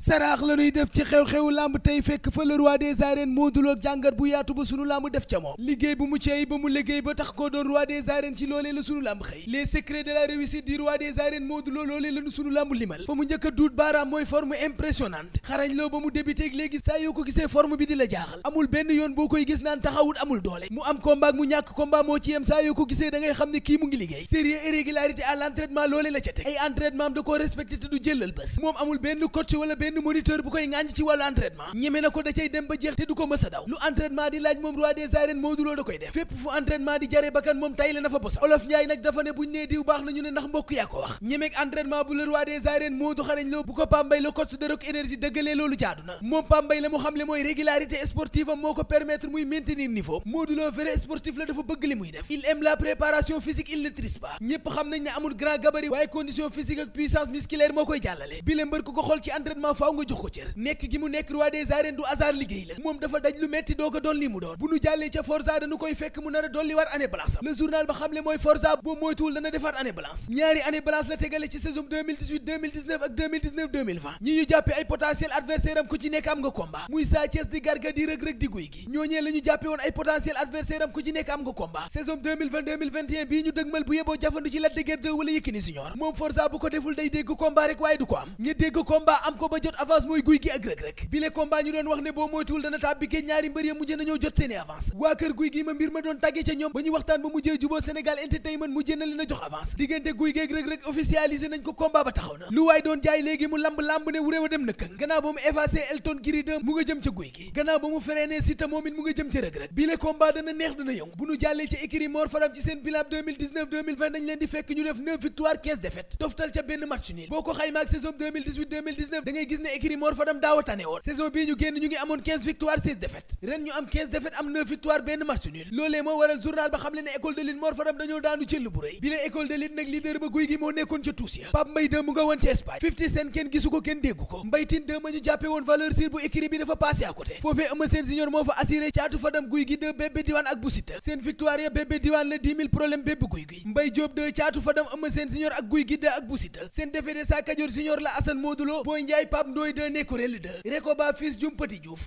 saraax la def ci xew xew lamb tey fekk fa le roi des arènes Modou Lo bu yaatu ba sunu lamb def ca moom liggéey bu mu ceey ba mu liggéey ba tax ko doon roi des arènes ci loolee la sunu lamb xëy les secrets de la réussite du roi des arènes Modou Lo loolee sunu lamb limal fa mu njëkk a duut baaraam mooy forme impressionnante xarañ loo ba mu débuté ak léegi saa yoo ko gisee forme bi di la jaaxal amul benn yoon boo koy gis naan taxawut amul doole mu am combat ñàkk combat moo ko gisee da ngay ne kii mu ngi liggéey sérieux irrégularité à l'entraînement loolee la ca teg ay entraînement am wala benn benn moniteur bu koy ŋàññ ci wàllu entraînement ñeme na ko da cay dem ba jeex te du ko mës daw lu entraînement di laaj moom roi des arènes Modou Lo da koy def fépp fu entraînement di jare bakkan moom tay na fa bos olof Njaay nag dafa ne buñ nee diw baax nañu ne ndax mbokk yaa ko wax ñemeeg entraînement bu le roi des arènes Modou xarañ Lo bu ko Pambay le coach de Rock Énergie dëggalee loolu jaadu na moom Pambay la mu xam mooy régularité faaw nga jox cër nekk gi mu nekk roi des du hasard liggéey la moom dafa daj lu metti doo ko mu doon bu nu jàllee ca Forza dañu koy fekk mu nar a dolli war année blanche le journal ba xamle mooy Forza boo moytuwul dana defaat année blanche ñaari année blanche la tegale ci saison ak ñi ñu jàppe ay potentiel adversaire am ku ci nekk am nga combat muy Sa Thiès di Garga di Reug Reug di Gouye Gui ñooñee la jàppe woon ay potentiel adversaire am ku ci jot avance mooy guy gi ak rëg-rëg bi le ñu doon wax ne boo moytuwul dana tàbbi géej ñaari mbër ya mujjee nañoo jot seeni avance waa kër guy gi ma mbir ma doon tàggee ca ñoom ba ñu waxtaan ba mujjee juboo Sénégal Entertainment mujjee na leen a jox avance diggante guy gi ak rëg-rëg officialisé nañ ko combat ba taxaw na lu waay doon jaay léegi mu lamb lamb ne wuréew a dem na gannaaw ba mu effacé Elton Giri mu nga jëm ca guy gi gannaaw ba mu freiné gis ne écurie Mor Fadam daaw a tane woon saison bii ñu génn ñu ngi amoon victoire 16 défaites ren ñu am 15 défaites am 9 victoire benn match nul loolee moo waral journal ba xam le ne école de lutte Mor Fadam dañoo daanu jël bu rëy bi la école de lutte nag leader ba guy gi moo nekkoon ca tuus ya Pape Mbaye Demba nga woon ca Espagne 50 Cent kenn gisu ko kenn déggu ko Mbaye Tine Demba ñu jàppe woon valeur sûre bu écurie bi dafa passé à côté foofee Eumeu Sène de bébé diwaan la 10 000 problème Pape Ndoye 2 ne kuréel 2 Rekoba fils jum Petit Diouf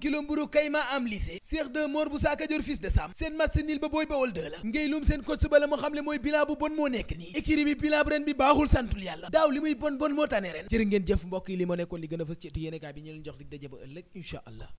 kilo mburu kayma am lycée Cheikh 2 Mor bu saakajor fils de Sam seen match nil ba booy bawol 2 la ngay seen coach ba la moo xam le mooy bilan bu bon moo nekk nii écurie bi bilan bu ren bi baaxul santul yàlla daaw li muy bon bon moo tane ren jërë ngeen jëf mbokk li ma nekkoon li gën a fës ci ëttu yéenekaay bi ñu leen jox dig daje ëllëg incha allah